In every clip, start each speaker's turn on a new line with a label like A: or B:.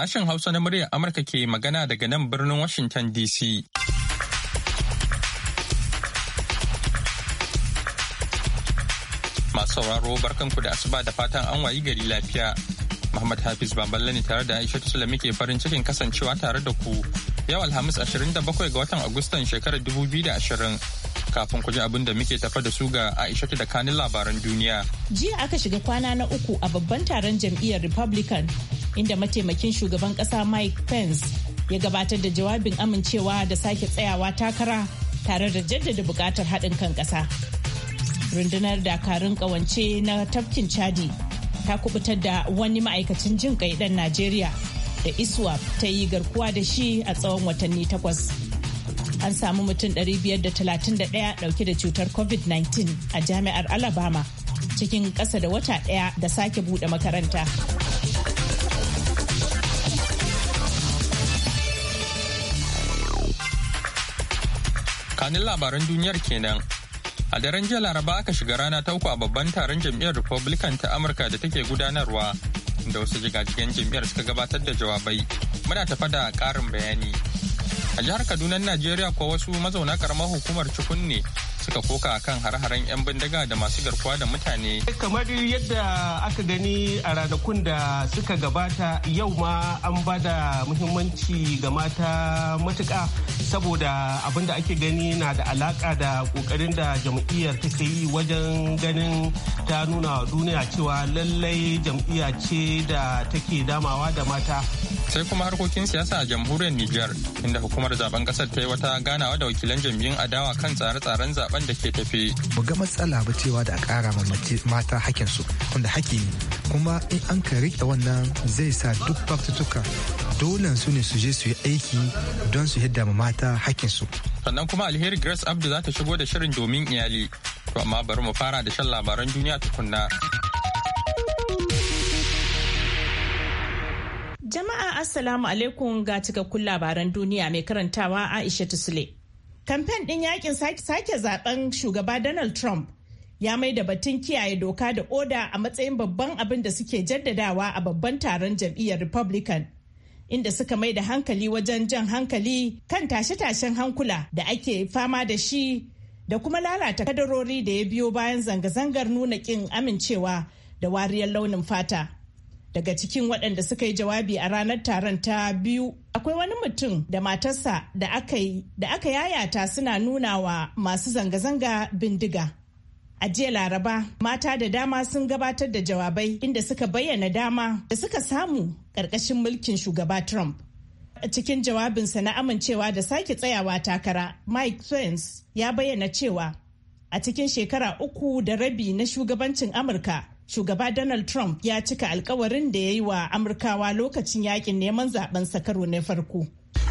A: Sashen Hausa na muryar Amurka ke magana daga nan birnin Washington DC. Masu sauraro barkanku da asuba da fatan an wayi gari lafiya. Muhammad Hafiz Baballe ne tare da Aisha Sulaimi muke farin cikin kasancewa tare da ku. Yau Alhamis 27 ga watan Agustan shekarar 2020. Kafin ku abin da muke tafa da su ga Aisha da kanin labaran duniya.
B: Jiya aka shiga kwana na uku a babban taron jam'iyyar Republican inda mataimakin shugaban kasa Mike Pence ya gabatar da jawabin amincewa da sake tsayawa takara tare da jaddada buƙatar haɗin kan ƙasa. Rundunar dakarun ƙawance na tafkin Chadi ta kubutar da wani ma'aikacin jin kai ɗan Najeriya da iswa ta yi garkuwa da shi a tsawon watanni takwas. An samu mutum 531 ɗauke da cutar COVID-19 a jami'ar Alabama cikin ƙasa da wata ɗaya da sake buɗe makaranta.
A: tsakanin labaran duniyar kenan a daren jiya laraba aka shiga rana ta uku a babban taron jam'iyyar republican ta amurka da take gudanarwa da wasu jigajigen jam'iyyar suka gabatar da jawabai muna tafa da karin bayani a jihar kaduna najeriya ko wasu mazauna karamar hukumar cikunne suka koka kan har-haren 'yan bindiga da masu garkuwa da mutane. Eh,
C: kamar yadda aka gani a ranakun da suka gabata yau ma an ba da muhimmanci ga mata matuka saboda abin da ake gani na da alaƙa da ƙoƙarin da jam'iyyar take yi wajen ganin ta nuna duniya cewa lallai jam'iyya ce da take damawa da mata.
A: sai kuma harkokin siyasa a jamhuriyar Nijar inda hukumar zaben kasar ta yi wata ganawa da wakilan jam'iyyun adawa kan tsare-tsaren zaben da ke tafi. Mu ga
D: matsala ba cewa da a kara ma mata hakinsu wanda haki ne kuma in an ka rike wannan zai sa duk baktutuka dole su ne su je su yi aiki don su yadda ma mata hakinsu.
A: Sannan kuma alheri Grace Abdu za ta shigo da shirin domin iyali. To amma bari mu fara da shan labaran duniya tukunna.
B: Jama'a Assalamu alaikum ga cikakkun labaran duniya mai karantawa Aisha Tusule. Kamfen ɗin yakin sake zaben shugaba Donald Trump ya mai da batun kiyaye doka da oda a matsayin babban abin da suke jaddadawa a babban taron jam'iyyar Republican. Inda suka mai da hankali wajen jan hankali kan tashe-tashen hankula da ake fama da shi da kuma lalata kadarori da ya biyo bayan zanga-zangar nuna ƙin amincewa da wariyar launin fata. daga cikin waɗanda suka yi jawabi a ranar taron ta biyu akwai wani mutum da matarsa da aka yayata suna nuna wa masu zanga-zanga bindiga a jiya laraba mata da dama sun gabatar da jawabai inda suka bayyana dama da suka samu ƙarƙashin mulkin shugaba trump cikin jawabinsa na amincewa da sake tsayawa takara mike pence ya bayyana cewa a cikin shekara uku da rabi na shugabancin amurka shugaba Donald Trump ya cika alkawarin da ya yi wa Amurkawa lokacin yakin neman zaben sakaro na farko.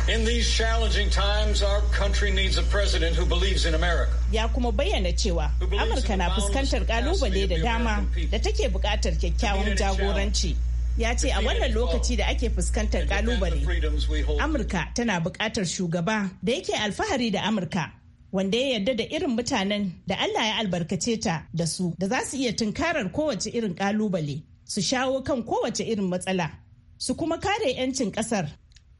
D: In these challenging times, our country needs a president who believes in America.
B: Ya kuma bayyana cewa Amurka na fuskantar kalubale da dama da take buƙatar kyakkyawan jagoranci. Ya ce a wannan lokaci da ake fuskantar kalubale, Amurka tana buƙatar shugaba da yake alfahari da Amurka wanda ya yarda da irin mutanen da Allah ya albarkace ta da su da za su iya tunkarar kowace irin kalubale su shawo kan kowace irin matsala su kuma kare 'yancin kasar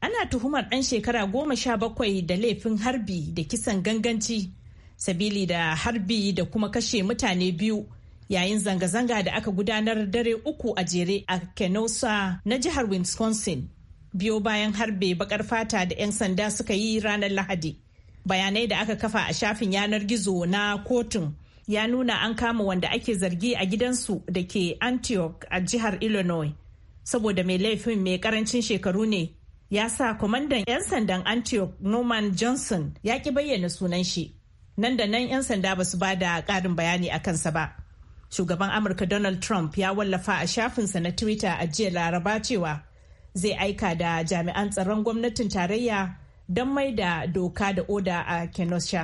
B: ana tuhumar ɗan shekara goma sha bakwai da laifin harbi da kisan ganganci sabili da harbi da kuma kashe mutane biyu yayin zanga-zanga da aka gudanar dare uku a jere a kenosa na jihar wisconsin biyo bayan harbe bakar fata da 'yan sanda suka yi ranar lahadi bayanai da aka kafa a shafin yanar gizo na kotun ya nuna an kama wanda ake zargi a gidansu da ke antioch a jihar illinois saboda mai laifin mai karancin shekaru ne ya sa kwamandan 'yan sandan antioch norman johnson ya ki bayyana sunan shi nan da nan 'yan sanda ba su ba da ƙarin bayani a kansa ba shugaban amurka donald trump ya wallafa a shafinsa na twitter a jiya laraba cewa zai aika da jami'an tsaron gwamnatin tarayya don mai da doka da oda a kenosha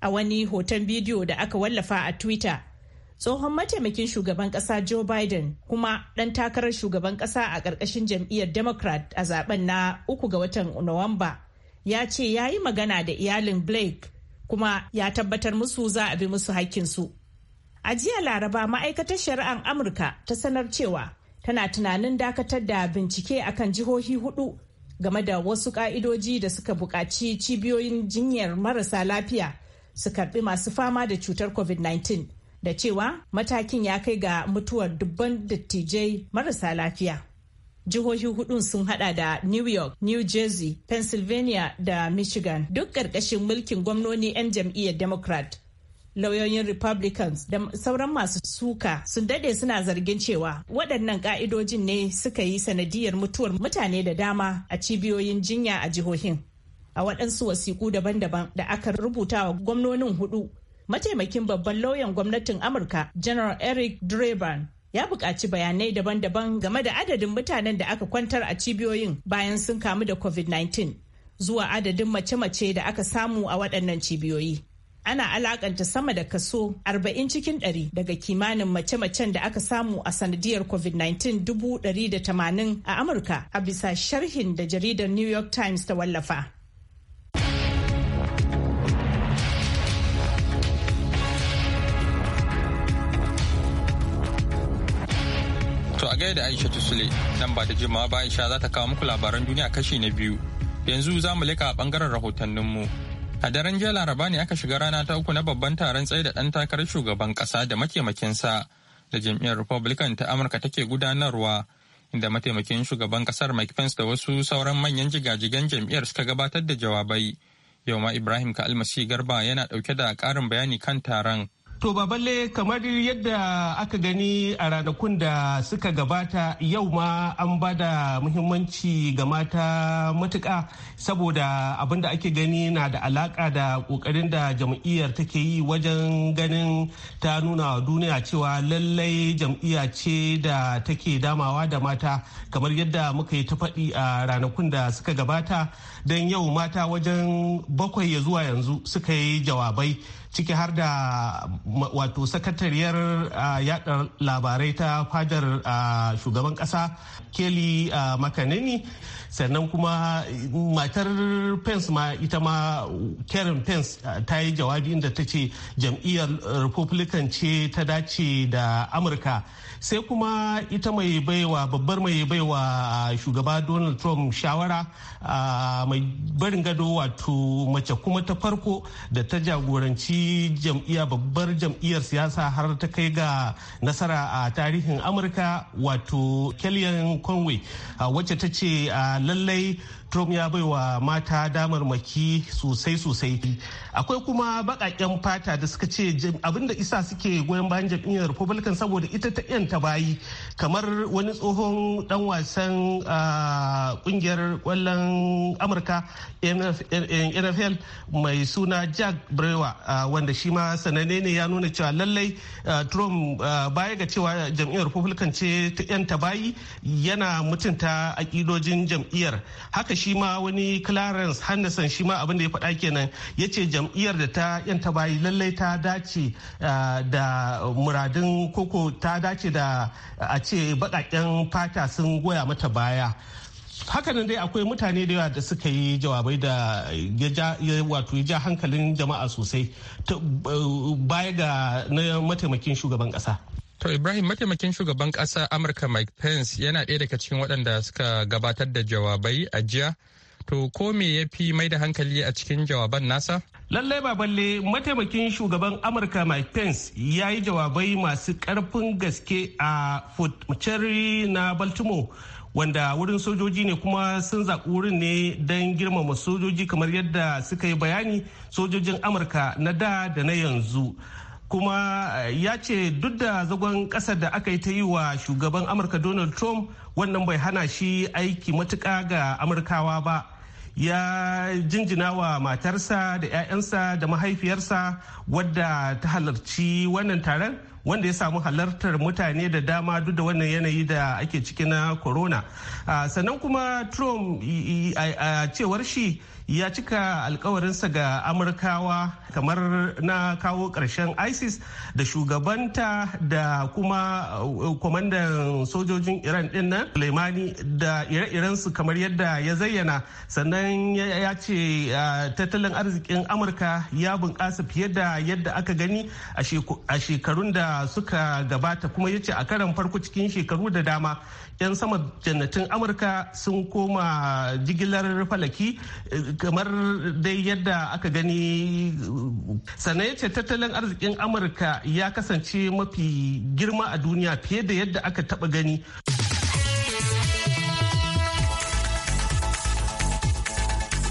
B: a wani hoton bidiyo da aka wallafa a twitter tsohon mataimakin shugaban kasa joe biden kuma ɗan takarar shugaban kasa a ƙarƙashin jam'iyyar democrat a zaben na uku ga watan nuwamba ya ce ya yi magana da iyalin blake kuma ya tabbatar musu za a bi musu haƙƙinsu a jiya laraba ma'aikatar shari'ar amurka ta sanar cewa tana tunanin dakatar da bincike akan jihohi hudu game da wasu ka'idoji da suka buƙaci cibiyoyin jinyar marasa lafiya su karbi masu fama da cutar covid-19 da cewa matakin ya kai ga mutuwar dubban dattijai marasa lafiya jihohi hudun sun hada da new york new jersey pennsylvania da michigan duk ƙarƙashin mulkin gwamnoni 'yan jam'iyyar democrat lauyoyin republicans da sauran masu suka sun dade suna zargin cewa waɗannan ƙa'idojin ne suka yi sanadiyar mutuwar mutane da dama a cibiyoyin jinya a jihohin a waɗansu wasiƙu daban-daban da aka rubuta wa gwamnonin hudu mataimakin babban lauyan gwamnatin amurka general eric draban ya buƙaci bayanai daban-daban game da adadin mutanen da aka kwantar a cibiyoyin bayan sun kamu da covid-19 zuwa adadin mace-mace da aka samu a waɗannan cibiyoyi ana alakanta sama da kaso 40 cikin 100 daga kimanin mace-macen da aka samu a sanadiyar covid-19 180 a amurka a bisa sharhin da jaridar new york times ta wallafa
A: To a gaida Aisha Tusule nan ba da jimawa ba Aisha za ta kawo muku labaran duniya kashi na biyu. Yanzu za mu leka a bangaren rahotanninmu. A daren jiya Laraba ne aka shiga rana ta uku na babban taron tsaye da ɗan takarar shugaban ƙasa da sa da jam'iyyar Republican ta Amurka take gudanarwa, inda mataimakin shugaban ƙasar Mike Pence da wasu sauran manyan jigajigan jam'iyyar suka gabatar da jawabai. Yau ma Ibrahim Ka'almasi Garba yana ɗauke da ƙarin bayani kan taron. To ba
C: balle kamar yadda aka gani a ranakun da suka gabata yau ma an ba da muhimmanci ga mata matuƙa saboda abin da ake gani na da alaƙa da ƙoƙarin da jam'iyyar take yi wajen ganin ta nuna duniya cewa lallai jam'iyya ce da take damawa da mata kamar yadda muka yi ta faɗi a ranakun da suka gabata don yau mata wajen bakwai ya zuwa yanzu suka yi jawabai. ciki har da wato sakatariyar yada labarai ta fadar shugaban kasa keli makanini sannan kuma matar pence ma ita ma karen pence ta yi jawabi inda ta ce jam'iyyar republican ce ta dace da amurka sai kuma ita mai baiwa babbar mai baiwa shugaba donald trump shawara mai barin gado wato mace kuma ta farko da ta jagoranci jam'iyyar babbar jam'iyyar siyasa har ta kai ga nasara a tarihin amurka wato kellyanne conway wacce ta ce lallai trump ya bai wa mata damar maki sosai-sosai akwai kuma baƙaƙen fata da suka ce abinda isa suke goyon bayan jam'iyyar republican saboda ita ta ta bayi kamar wani tsohon dan wasan kungiyar kwallon amurka nfl mai suna jack brewer wanda shi ma sananne ne ya nuna cewa lallai trump baya ga cewa jam'iyyar republican ce ta ta bayi yana mutunta akidojin jam'iyyar haka shi ma wani clarence henderson shi ma abin da ya faɗa kenan ya ce jam'iyyar da ta ta bayi lallai ta dace eh, da muradin koko ta dace da a ce baƙaƙen fata sun goya mata baya hakanan dai akwai mutane da yawa da suka yi jawabai da ya wato ya ja hankalin jama'a sosai eh, baya ga na
A: mataimakin shugaban ƙasa. To Ibrahim mataimakin shugaban ƙasa Amurka Mike Pence yana ɗaya daga cikin waɗanda suka gabatar da jawabai a jiya. To ko me ya fi mai da hankali a cikin jawaban nasa? Lallai ba balle mataimakin shugaban Amurka Mike Pence ya
C: yi jawabai masu karfin gaske a Fort na Baltimore. wanda wurin sojoji ne kuma sun zaɓi wurin ne don girmama sojoji kamar yadda suka yi bayani sojojin amurka na da da na yanzu kuma eh, ya ce duk da zagon ƙasa da aka yi ta yi wa shugaban amurka donald trump wannan bai hana shi aiki matuka ga amurkawa ba ya jinjina wa matarsa da 'ya'yansa da mahaifiyarsa wadda ta halarci wannan taron wanda ya samu halartar mutane da dama duk da wannan yanayi da ake ciki na corona ah, sannan kuma trump a cewar shi ya cika alkawarinsa ga amurkawa kamar na kawo ƙarshen isis da shugabanta da kuma uh, kwamandan sojojin iran din nan suleimani da ire-irensu kamar yadda ya zayyana sannan ya ce uh, tattalin arzikin amurka ya bunƙasa fiye da yadda aka gani a shekarun da suka gabata kuma ya ce a karan farko cikin shekaru da dama 'yan sama jannatin amurka sun koma jigilar falaki kamar dai yadda aka gani sannan ya ce tattalin arzikin amurka ya kasance mafi girma a duniya fiye da yadda aka taba gani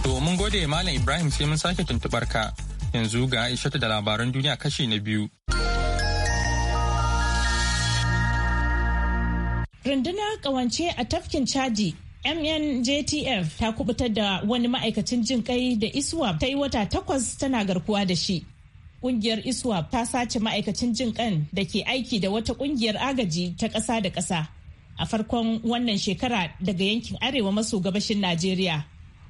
A: domin gode malam ibrahim sai mun sake tuntubar ka yanzu ga aisha da labaran duniya kashi na biyu
B: rundunar kawance a tafkin chadi mnjtf ta kubutar da wani ma'aikacin jin kai da iswap ta yi wata takwas tana garkuwa da shi kungiyar iswap ta sace ma'aikacin jin kan da ke aiki da wata kungiyar agaji ta ƙasa da ƙasa a farkon wannan shekara daga yankin arewa maso gabashin najeriya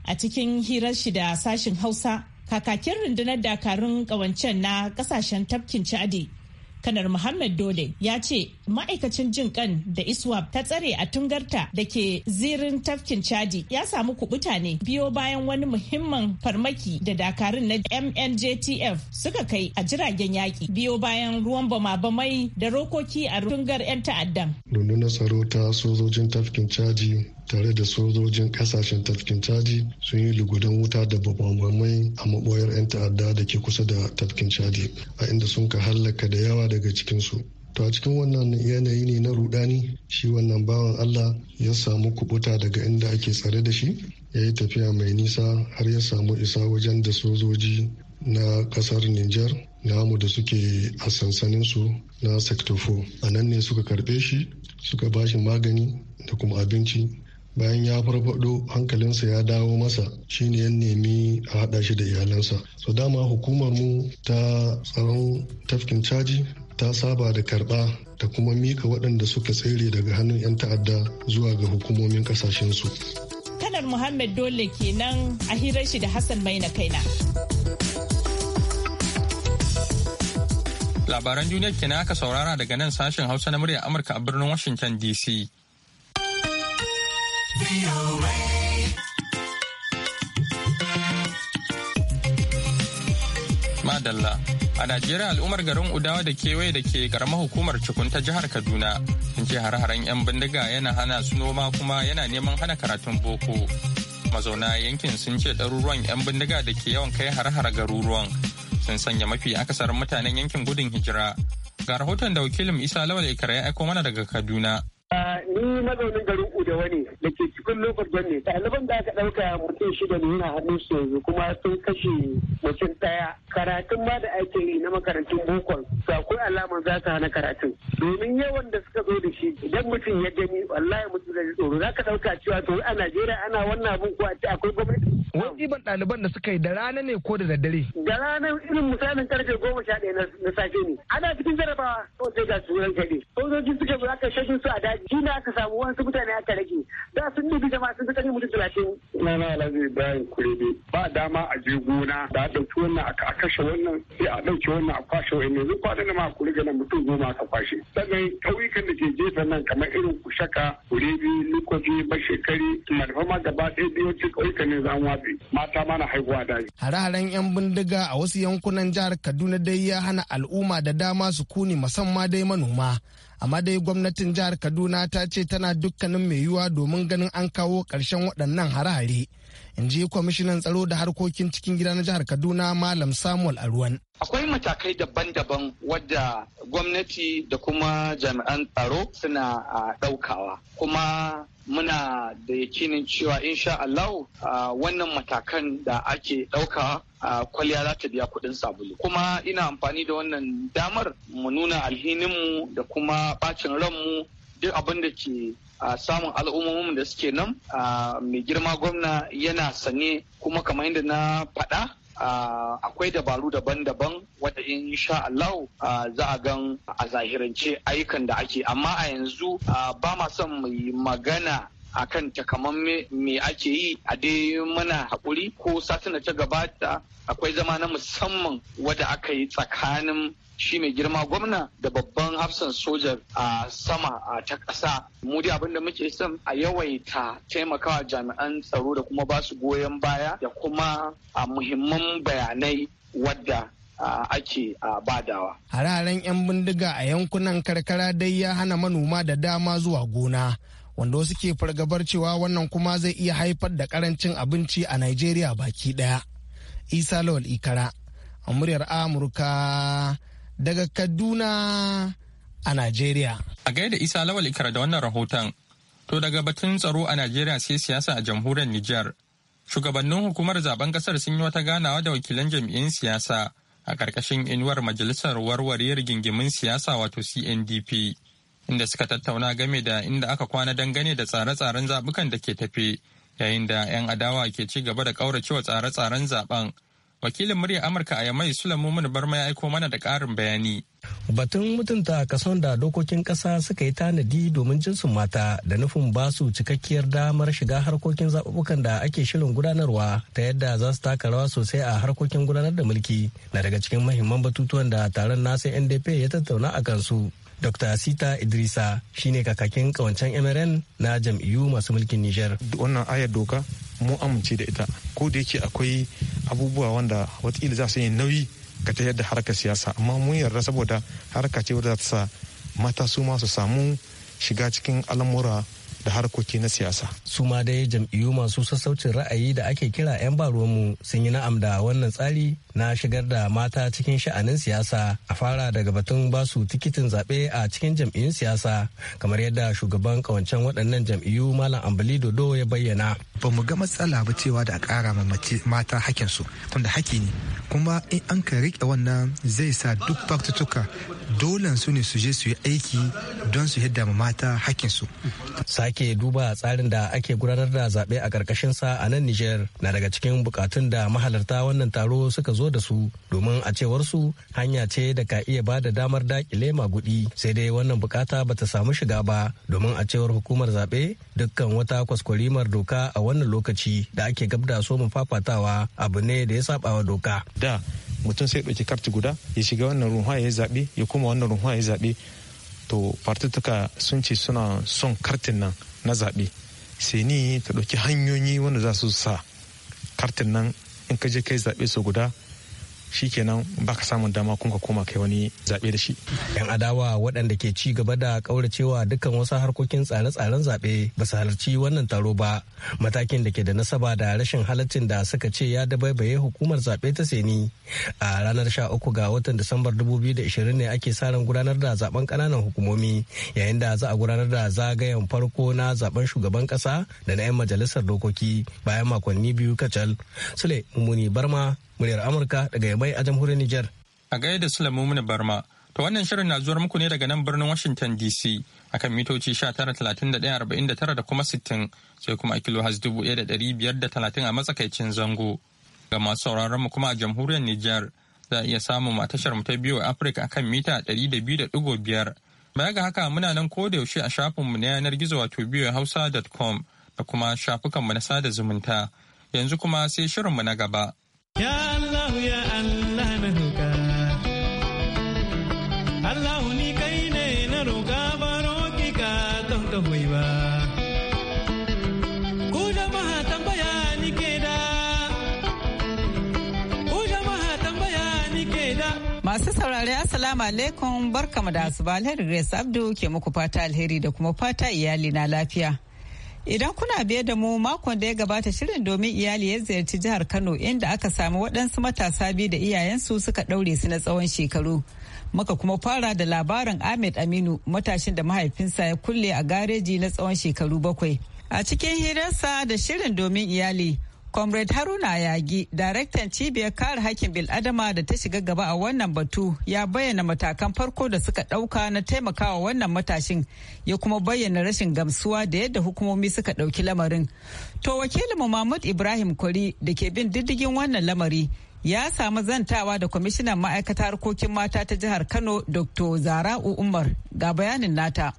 B: a cikin hirar shi da sashin hausa kakakin rundunar dakarun kawancen na kasashen tafkin chadi kanar muhammad dole ya ce ma'aikacin jin kan da iswap ta tsare a tungarta da ke zirin tafkin chadi ya samu kubuta ne biyo bayan wani muhimman farmaki da dakarun na mnjtf suka kai a jiragen yaki biyo bayan ruwan bama-bamai da rokoki a tungar 'yan ta'addan
D: rundunar tsaro ta sojojin tafkin chadi tare da sojojin kasashen tafkin caji sun yi lugudan wuta da babamamai a maboyar 'yan ta'adda da ke kusa da tafkin caji a inda sun ka hallaka da yawa daga cikinsu to a cikin wannan yanayi ne na rudani shi wannan bawan allah ya samu kubuta daga inda ake tsare da shi ya yi tafiya mai nisa har ya samu isa wajen da sojoji na kasar niger namu da suke a sansaninsu na sector 4 a nan ne suka karbe shi suka ba shi magani da kuma abinci bayan ya farfado hankalinsa ya dawo masa shine ya nemi a haɗa shi da iyalansa so dama hukumar mu ta tsaron tafkin caji ta saba da karɓa da kuma mika waɗanda suka tsere daga hannun 'yan ta'adda zuwa ga
A: hukumomin ƙasashensu.
B: kanar muhammad dole kenan a hirar shi da hassan mai na kaina
A: labaran duniya kenan aka saurara daga nan sashen hausa na murya amurka a birnin washington dc Madalla. A Najeriya al'ummar garin Udawa da kewaye da ke karamar hukumar Cikun ta jihar Kaduna sun ce har-haren 'yan bindiga yana hana su noma kuma yana neman hana karatun boko. Mazauna yankin sun ce ɗaruruwan 'yan bindiga da ke yawan kai har-har garuruwan sun sanya mafi akasarin mutanen yankin gudun hijira. Ga rahoton da wakilin Isa Lawal Ikara ya aiko mana daga Kaduna.
C: Ah, ni mazaunin garin da ke cikin lokacin ne ɗaliban da aka ɗauka mutum shida ne yana hannun su yanzu kuma sun kashe mutum ɗaya karatun ma da ake yi na makarantun bukon to akwai alamar za ta hana karatun domin yawan da suka zo da shi idan mutum ya gani wallahi mutum zai tsoro za ka ɗauka cewa to a Najeriya ana wannan abin ko a ce akwai gwamnati. wani ɗiban ɗaliban da suka yi da rana ne ko da daddare? Da rana irin misalin karfe goma sha ɗaya na safe ne. Ana cikin jarabawa
E: ko sai ga su ran kaɗe. Sojoji suka zo aka shakin su a daji. Shi aka samu wasu mutane aka rage.
C: da sun dubi jama'a sun fi mutum talatin.
F: na na zai bayan kurebe ba dama a je gona da a ɗauki wannan a kashe wannan sai a ɗauki wannan a kwashe wa'in yanzu kwanan ma a ga nan mutum goma aka kwashe sannan ƙauyukan da ke jefa nan kamar irin kushaka kurebe likwafi bashekari marfa ma gaba ɗaya biyu ce ƙauyukan ne mu watsi mata ma na haihuwa daji.
C: hare-haren 'yan bindiga a wasu yankunan jihar kaduna dai ya hana al'umma da dama su kuni musamman dai manoma amma dai gwamnatin jihar kaduna ta ce tana dukkanin mai yiwuwa domin ganin an kawo ƙarshen waɗannan hare-hare in ji kwamishinan tsaro da harkokin cikin gida na jihar kaduna malam samuel aruwan
E: akwai matakai daban-daban wadda gwamnati da kuma jami'an tsaro suna ɗaukawa kuma muna da yakinin cewa in insha Allah wannan matakan da ake ɗauka kwalliya za ta biya kuɗin sabulu kuma ina amfani da wannan damar mu nuna alhininmu da kuma bacin ranmu duk abin da ke samun al'ummomin da suke nan mai girma gwamna yana sane kuma kamar yadda na faɗa akwai dabaru daban-daban wadda in sha Allah za a gan a zahirance ayyukan da ake amma a yanzu ba ma son mai magana akan takamamme me ake yi a dai mana haƙuri ko satin da ta gabata akwai zama na musamman wadda aka yi tsakanin shi mai girma gwamna da babban hafsan soja a sama a ta ƙasa mu dai abin muke son a yawaita taimakawa jami'an tsaro da kuma basu goyon baya da kuma a muhimman bayanai wadda ake badawa.
C: Hararen 'yan bindiga a yankunan karkara dai ya hana manoma da dama zuwa gona. wanda wasu ke fargabar cewa wannan kuma zai iya haifar da karancin abinci a Najeriya baki daya. Isa Lawal Ikara, a muryar Amurka daga Kaduna a Najeriya.
A: A gaida Isa Lawal Ikara da wannan rahoton, to daga batun tsaro a Najeriya sai siyasa a jamhuriyar Nijar. Shugabannin hukumar zaben kasar sun yi wata ganawa da wakilan jam'iyyun siyasa a ƙarƙashin inuwar majalisar warware rigingimin siyasa wato CNDP. inda suka tattauna game da inda aka kwana dangane da tsare-tsaren zabukan da ke tafi yayin da 'yan adawa ke ci gaba da kauracewa tsare-tsaren zaben wakilin murya amurka a yamai sulaimun barma ya aiko mana da karin bayani
D: batun mutunta kason da dokokin kasa suka yi tanadi domin jinsin mata da nufin ba su cikakkiyar damar shiga harkokin zaɓuɓɓukan da ake shirin gudanarwa ta yadda za su taka rawa sosai a harkokin gudanar da mulki na daga cikin mahimman batutuwan da taron nasa ndp ya tattauna a kansu Dr. Sita Idrisa shine kakakin kawancen MRN na jam'iyyu masu
C: mulkin Nijar. Wannan ayar doka mu amince da ita ko da yake akwai abubuwa wanda watakila za su yi nauyi ka ta yadda harkar siyasa amma mun yarda saboda harka ce wadda ta sa mata su ma su samu shiga cikin al'amura da harkoki na
G: siyasa.
D: Su ma dai jam'iyyu masu sassaucin ra'ayi da ake kira 'yan baruwanmu sun yi na'am da wannan tsari na shigar da mata cikin sha'anin siyasa a fara daga batun basu tikitin zaɓe a cikin jam'iyyun siyasa kamar yadda shugaban kawancen waɗannan jam'iyyu Malam Ambali Dodo ya bayyana. ba mu ga matsala ba cewa da a kara ma mata hakinsu tunda haki ne kuma in an ka riƙe wannan zai sa duk faktutuka dolan su ne su je su yi aiki don su yadda ma mata hakinsu. sake duba tsarin da ake gudanar da zaɓe a ƙarƙashin sa a nan niger na daga cikin bukatun da mahalarta wannan taro suka zo da su domin a cewar su hanya ce da ka iya ba da damar daƙile maguɗi sai dai wannan buƙata bata samu shiga ba domin a cewar hukumar zaɓe dukkan wata kwaskwarimar doka a wannan lokaci da ake gab da so fafatawa abu ne da ya saba
C: wa doka da mutum sai ɗauki karti guda ya shiga wannan ruhuwa ya zaɓe ya kuma wannan ruhuwa ya zaɓe to fartutuka sun ce suna son kartin nan na zaɓe sai ni ta ɗauki hanyoyi wanda za su sa kartin nan in ka je kai zaɓe su guda shikenan baka samun dama kun ka koma kai wani zaɓe da shi. Yan
D: adawa waɗanda ke ci gaba da ƙauracewa dukkan wasu harkokin tsare-tsaren zaɓe ba su halarci wannan taro ba matakin da ke da nasaba da rashin halaccin da suka ce ya dabaibaye hukumar zaɓe ta seni a ranar sha uku ga watan Disambar dubu biyu da 2020 ne ake sa ran gudanar da zaben ƙananan hukumomi yayin da za a gudanar da zagayen farko na zaben shugaban ƙasa da na 'yan majalisar dokoki bayan makonni biyu kacal. Sule muni Barma muryar Amurka daga Yamai a jamhuriyar Nijar.
A: A gaida Sulaimu Barma, to wannan shirin na zuwar muku ne daga nan birnin Washington DC a kan mitoci 19,31,49 da kuma 60 sai kuma a kilo has talatin a matsakaicin zango. Ga masu sauraron mu kuma a jamhuriyar Nijar za a iya samun mu a tashar mu ta biyu a Afirka akan mita da da biyu biyar Baya ga haka muna nan ko da yaushe a mu na yanar gizo wato biyohausa.com da kuma shafukan mu na sada zumunta. Yanzu kuma sai shirin mu na gaba. Ya
C: Allah ya Allah na roƙa. Allah
D: ni kai ne na roƙa baro ki ka don ka ba.
G: Ku jama'a tambaya ni
H: Masu saurare asalamu alaikum barkamu da asuba Alheri Grace Abdu ke muku fata alheri da kuma fata iyali na lafiya. Idan kuna biye da mu makon da ya gabata shirin domin iyali ya ziyarci jihar Kano inda aka sami waɗansu matasa biyu da iyayensu suka ɗaure su na tsawon shekaru. Muka kuma fara da labarin Ahmed Aminu matashin da mahaifinsa ya kulle a gareji na tsawon shekaru bakwai. A cikin hirarsa da shirin domin iyali, Comrade Haruna Yagi, daraktan cibiyar kare hakkin bil'adama da ta shiga gaba a wannan batu ya bayyana matakan farko da suka ɗauka na taimakawa wannan matashin ya kuma bayyana rashin gamsuwa da yadda hukumomi suka ɗauki lamarin. To wakilinmu Mahmud Ibrahim kori da ke bin diddigin wannan lamari ya samu zantawa da kwamishinan ma'aikatar harkokin mata ta jihar Kano Dr. Zara'u
G: Umar ga bayanin nata.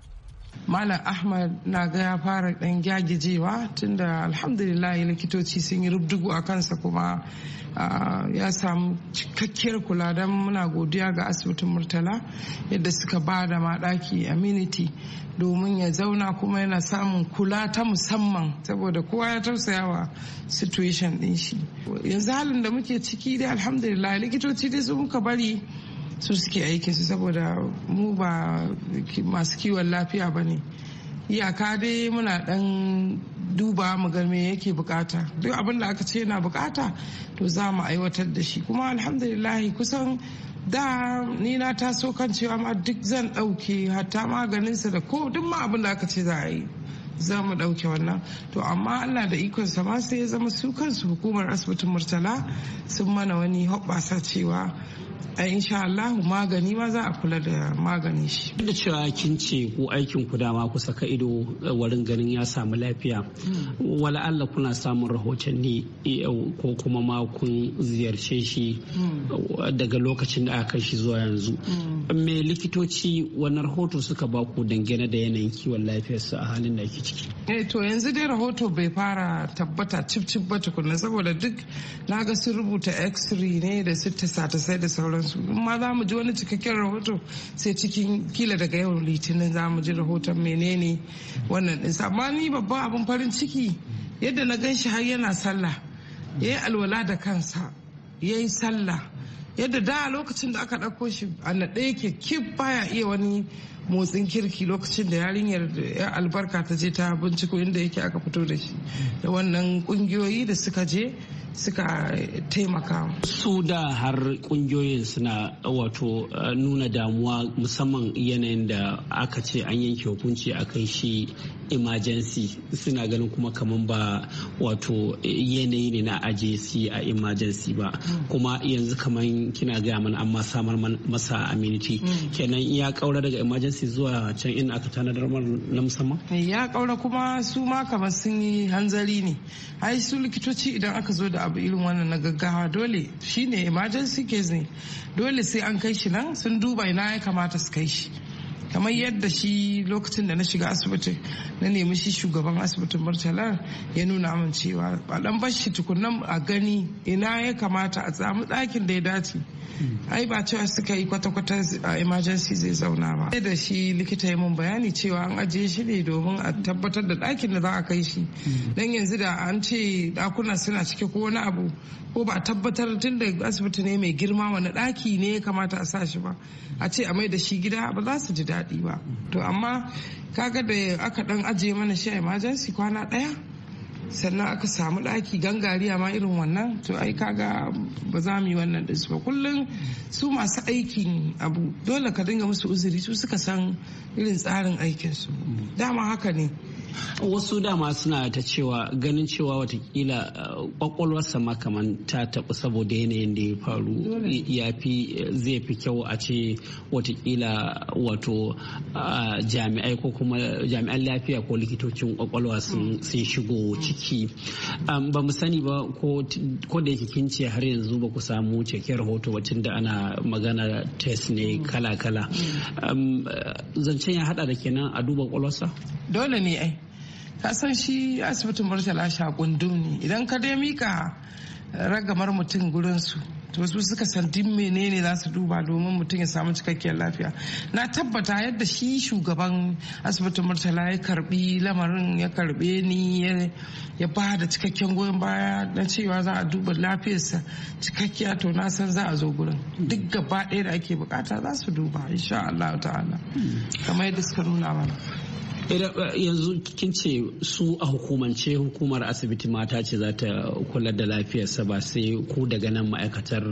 G: malam ahmad na ga ya fara dan gyagijewa tunda alhamdulillah likitoci sun yi rubdugu a kansa kuma ya samu cikakkiyar kula don muna godiya ga asibitin murtala yadda suka ba da maɗaki amenity domin ya zauna kuma yana samun kula ta musamman saboda kowa ya tausayawa situation ɗin shi yanzu halin da muke ciki dai alhamdulillah likitoci dai su muka bari su suke aiki su saboda mu ba masu kiwon lafiya ba ne iyaka dai muna dan duba mu ga me yake bukata duk abin da aka ce yana bukata to za mu aiwatar da shi kuma alhamdulillah kusan da ni na taso kan cewa ma duk zan dauke hatta maganinsa da ko duk ma abin da aka ce za a yi za mu dauke wannan to amma allah da ikonsa ma sai ya zama su kansu hukumar asibitin murtala sun mana wani hoɓɓasa cewa a insha Allah magani ma za a kula da magani
F: shi. Duk da cewa kin ce ko aikin ku dama ku saka ido eh, wurin ganin ya samu lafiya. Hmm. Wala Allah kuna samun rahotanni eh, ko kuma ma kun ziyarce shi hmm. daga lokacin da aka shi zuwa yanzu.
G: Hmm.
F: Me likitoci
G: wani rahoto suka ba ku dangane da yanayin kiwon lafiyarsa a halin da ake ciki? Eh to yanzu dai rahoto bai fara tabbata cif cif ba tukunna saboda duk na ga sun rubuta x-ray ne da su sai da sauran sauransu ma za mu ji wani cikakken rahoto sai cikin kila daga yau litinin za mu ji rahoton menene wannan din amma ni babban abin farin ciki yadda na gan shi har yana sallah ya yi alwala da kansa ya yi sallah yadda da lokacin da aka ɗauko shi a naɗe yake kif baya iya wani motsin kirki lokacin da yarinyar ya albarka ta je ta binciko inda yake aka fito da shi da wannan kungiyoyi da suka je suka taimaka
F: su da har kungiyoyin suna wato eh, nuna damuwa musamman yanayin da aka ce an yanke hukunci a kai shi emergency suna ganin kuma kamar ba wato yanayi ne na aje su a emergency ba kuma yanzu kamar kina gaya mana an samar masa amenity mm. kenan ya kaura daga
G: emergency zuwa can in aka tanadar na musamman eh, ya kaura kuma su ma kamar sun yi hanzari ne ai su likitoci idan aka zo da abu irin wannan na gaggawa dole shine emergency case ne dole sai an kai shi nan sun duba ina ya kamata su kai shi kamar yadda shi lokacin da na shiga asibiti na nemi shi shugaban asibitin murtala ya nuna min cewa a dan bashi tukunan a gani ina ya kamata a samu ɗakin da ya dace hmm. ai ba cewa suka yi kwata-kwata a emergency zai zauna ba sai da shi likita ya mun bayani cewa an ajiye shi ne domin a tabbatar da ɗakin da za a kai shi hmm. dan yanzu da an ce ɗakuna suna cike ko wani abu ko ba a tabbatar tun da asibiti ne mai girma wani ɗaki ne ya kamata a sa shi ba a ce a mai da shi gida ba za su ji daɗi ba to amma kaga da aka ɗan ajiye mana shi a emergency kwana ɗaya sannan aka samu ɗaki gangariya ma irin wannan to ai kaga ba za mu yi wannan da su ba kullum su masu aikin abu dole ka dinga musu uzuri su suka san irin tsarin aikinsu dama haka ne wasu dama suna
F: ta cewa ganin cewa watakila uh, kwakwalwarsa ma kamar ta taɓa saboda yanayin da ya faru ya fi uh, zai fi kyau a ce watakila uh, wato jami'ai ko kuma jami'an lafiya ko likitocin kwakwalwa sun hmm. shigo ciki um, ba mu sani ba ko da kin ce har yanzu ba ku samu cikin rahoto ba da ana magana test ne hmm. kala-kala hmm. Um,
G: zancen ya haɗa da kenan a duba kwakwalwarsa dole ne ai ka san shi asibitin murtala shagundum ne idan ka dai mika ragamar mutum gurinsu to su suka san din menene za su duba domin mutum ya samu cikakkiyar lafiya na tabbata yadda shi shugaban asibitin murtala ya karbi lamarin ya karbe ni ya ba da cikakken goyon baya na cewa za a duba lafiyarsa cikakkiya to na san za a zo gurin duk gaba ɗaya da ake bukata za su duba insha ta'ala hmm. kamar yadda suka nuna mana yanzu kin ce su a hukumance
F: hukumar asibiti mata ce za ta kula da lafiyarsa ba sai ku daga nan ma'aikatar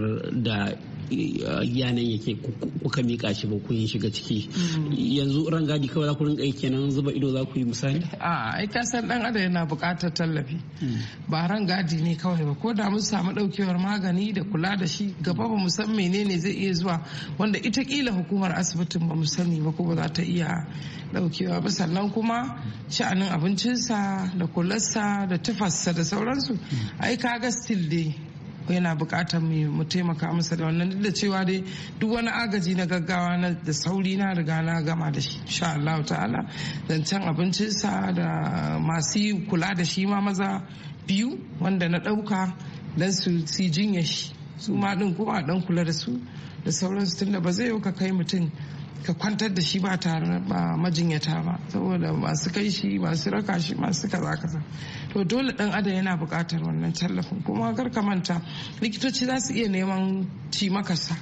F: da e, yanan yake kuka mika shi ba kun shiga ciki mm. yanzu rangadi kawai za ku rinka kenan zuba ido za ku yi misali
G: a ai san dan adam yana buƙatar tallafi mm. ba rangadi ne kawai ba ko da mun samu daukewar magani da kula da shi gaba ba mu san menene zai iya zuwa wanda ita kila hukumar asibitin ba mu sani ba ko ba za ta iya daukewa ba sannan kuma sha'anin abincinsa da kularsa da tufassa da sauransu ai kaga still dai yana bukatar mu taimaka masa da wannan duk da cewa dai duk wani agaji na gaggawa na da sauri na riga na gama da shi insha Allah ta'ala zancen abincinsa da masu kula da shi ma maza biyu wanda na dauka dan su si jinya shi su ma din kuma dan kula da su da sauransu tunda ba zai yau ka kai mutum ka kwantar da shi ba tare ba majinyata ba saboda masu kai shi masu raka shi masu kaza kaza to dole dan adam yana buƙatar wannan tallafin kuma kar ka manta likitoci za su iya neman ci makasa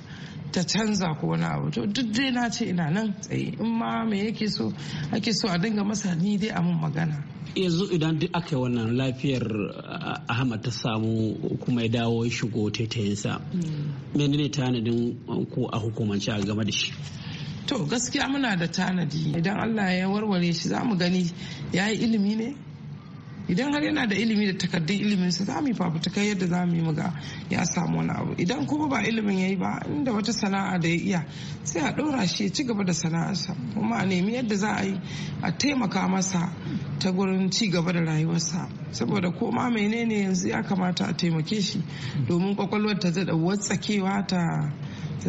G: ta canza ko wani abu to duk dai na ce ina nan tsaye in ma me yake so ake so a dinga masa ni dai a mun magana yanzu idan duk aka
F: yi wannan lafiyar ah, ahmad ta samu kuma ya dawo shigo taitayinsa hmm. menene tanadin ko a hukumance a game da shi
G: to gaskiya muna da tanadi idan allah ya warware shi za mu gani ya yi ilimi ne idan har yana da ilimi da takardun iliminsa za mu yi fafutukai yadda za mu yi muga ya samu wani abu idan kuma ba ilimin ya yi ba inda wata sana'a da ya iya sai a ɗora shi ya ci gaba da sana'arsa kuma a nemi yadda za a yi a taimaka masa ta gurin ci gaba da rayuwarsa saboda ko ma menene yanzu ya kamata a taimake shi domin kwakwalwar ta ta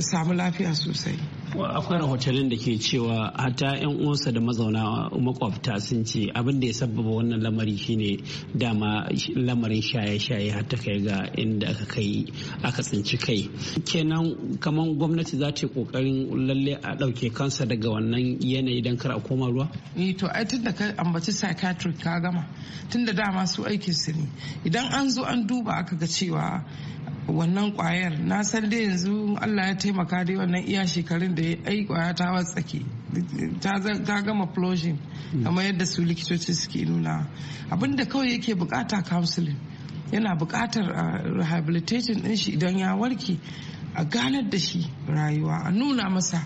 G: samu lafiya sosai
F: akwai rahotannin da ke cewa hata 'yan uwansa da mazauna makwabta sun ce abin da ya sababa wannan lamari shine dama lamarin shaye-shaye har ta kai ga inda aka kai aka tsinci kai kenan kamar gwamnati za ta yi kokarin lalle a ɗauke kansa daga wannan
G: yanayi don kar a koma ruwa eh to ai tunda ka ambaci psychiatric ka gama tunda dama su aikin su ne idan an zo an duba aka ga cewa wannan kwayar na san dai yanzu allah ya taimaka dai wannan iya shekarun da ya yi kwaya ta watsake ta gama plusion kamar yadda su likitoci suke nuna abinda kawai yake bukata counseling yana bukatar ah, rehabilitation din shi idan ya warke a ganar da shi rayuwa a nuna masa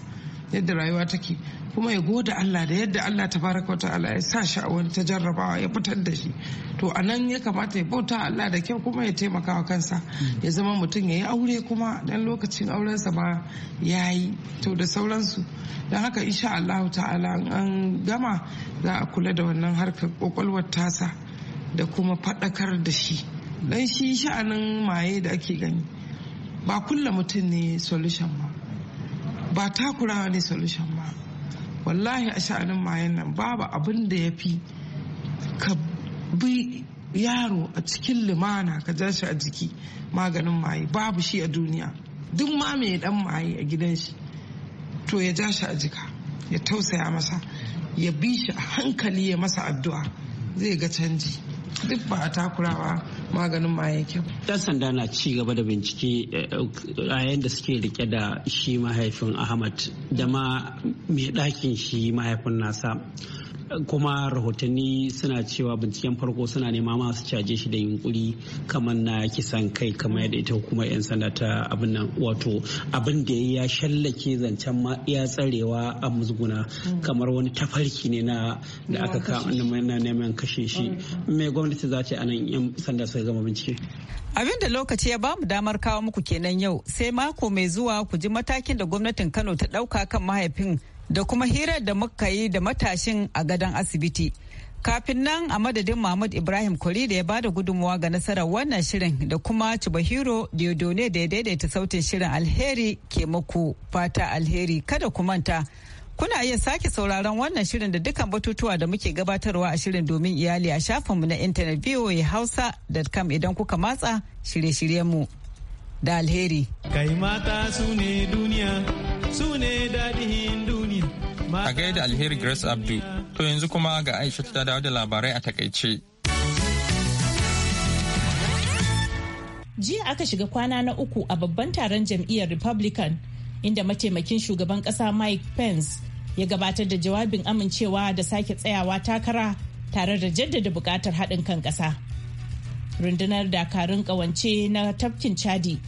G: yadda rayuwa take kuma ya gode Allah da yadda Allah ta baraka wata Allah ya sa shi a wani ta jarrabawa ya fitar da shi to a nan ya kamata ya bauta Allah da kyau kuma ya taimaka wa kansa hmm. ya zama mutum ya yi aure kuma dan lokacin aurensa ma ya yi to da sauransu don haka insha Allah ta'ala an gama za a kula da wannan harkar kwakwalwar tasa da kuma faɗakar da shi hmm. dan shi sha'anin maye da ake gani ba kulla mutum ne solution ba ba takurawa ne solution ba wallahi a sha'anin mayan nan babu abin da ya fi ka bi yaro a cikin limana ka ja shi a jiki maganin maye babu shi a duniya duk ma mai dan maye a gidan shi to ya ja shi a jika ya tausaya masa ya bi shi a hankali ya masa addu'a zai ga canji duk ba a takurawa maganin maye kyau.
F: Yan sanda na ci gaba da bincike a eh, eh, yadda suke rike da shi mahaifin Ahmad da ma mai ɗakin shi mahaifin nasa. kuma rahotanni suna cewa binciken farko suna nema masu caje shi da yunkuri kamar na kisan kai kamar yadda ita hukumar 'yan sanda ta abin nan wato abin da ya shallake zancen ma iya tsarewa a musguna kamar wani tafarki ne na da aka kama neman kashe shi mm, mm, mm. me gwamnati za ta anan 'yan sanda gama bincike abin da lokaci ya bamu damar kawo muku kenan yau
H: sai mako mai zuwa ku ji matakin da gwamnatin kano ta ɗauka kan mahaifin da kuma hirar da muka yi da matashin a gadon asibiti. Kafin nan a madadin Mahmud Ibrahim Kori da ya bada gudunmawa ga nasarar wannan shirin da kuma Chibahiro Diodone da ya daidaita sautin shirin alheri ke muku fata alheri kada ku manta. Kuna iya sake sauraron wannan shirin da dukkan batutuwa da muke gabatarwa a shirin domin iyali a shafinmu na intanet hausa voahausa.com idan kuka matsa shirye-shiryenmu da alheri.
C: Kai mata su ne duniya, su ne daɗi Hindu.
A: A gaida Alheri Grace Abdu, to yanzu kuma ga Aisha ta dawo da labarai a takaice.
B: Jiya aka shiga kwana na uku a babban taron jam'iyyar Republican, inda mataimakin shugaban kasa Mike Pence ya gabatar da jawabin amincewa da sake tsayawa takara tare da jaddada bukatar haɗin kan ƙasa. Rundunar dakarun ƙawance na tafkin Chadi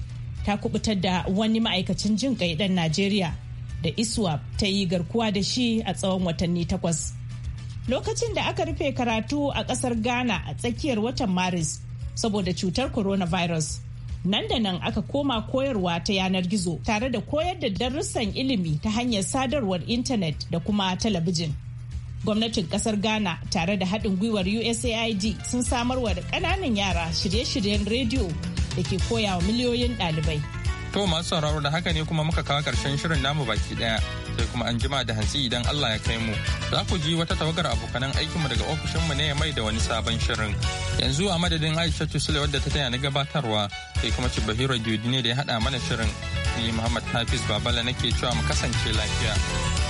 B: ta kubutar da wani ma'aikacin jin ƙai ɗan Najeriya. da ISWAB ta yi garkuwa da shi a tsawon watanni takwas lokacin da aka rufe karatu a kasar ghana a tsakiyar watan maris saboda cutar coronavirus nan da nan aka koma koyarwa ta yanar gizo tare da koyar da darussan ilimi ta hanyar sadarwar intanet da kuma talabijin gwamnatin kasar ghana tare da haɗin gwiwar usaid sun samarwa da ƙananan yara shirye-shiryen rediyo da ke koyawa miliyoyin ɗalibai
A: To masu sauraro da haka ne kuma muka kawo karshen shirin namu baki daya sai kuma an jima da hantsi idan Allah ya kai mu. Za ku ji wata tawagar abokanan aikinmu daga ofishinmu ne ya mai da wani sabon shirin. Yanzu a madadin Aisha Tusule wadda ta taya na gabatarwa sai kuma ci Cibahiro ne da ya haɗa mana shirin. Ni Muhammad Hafiz Babala nake cewa mu kasance lafiya.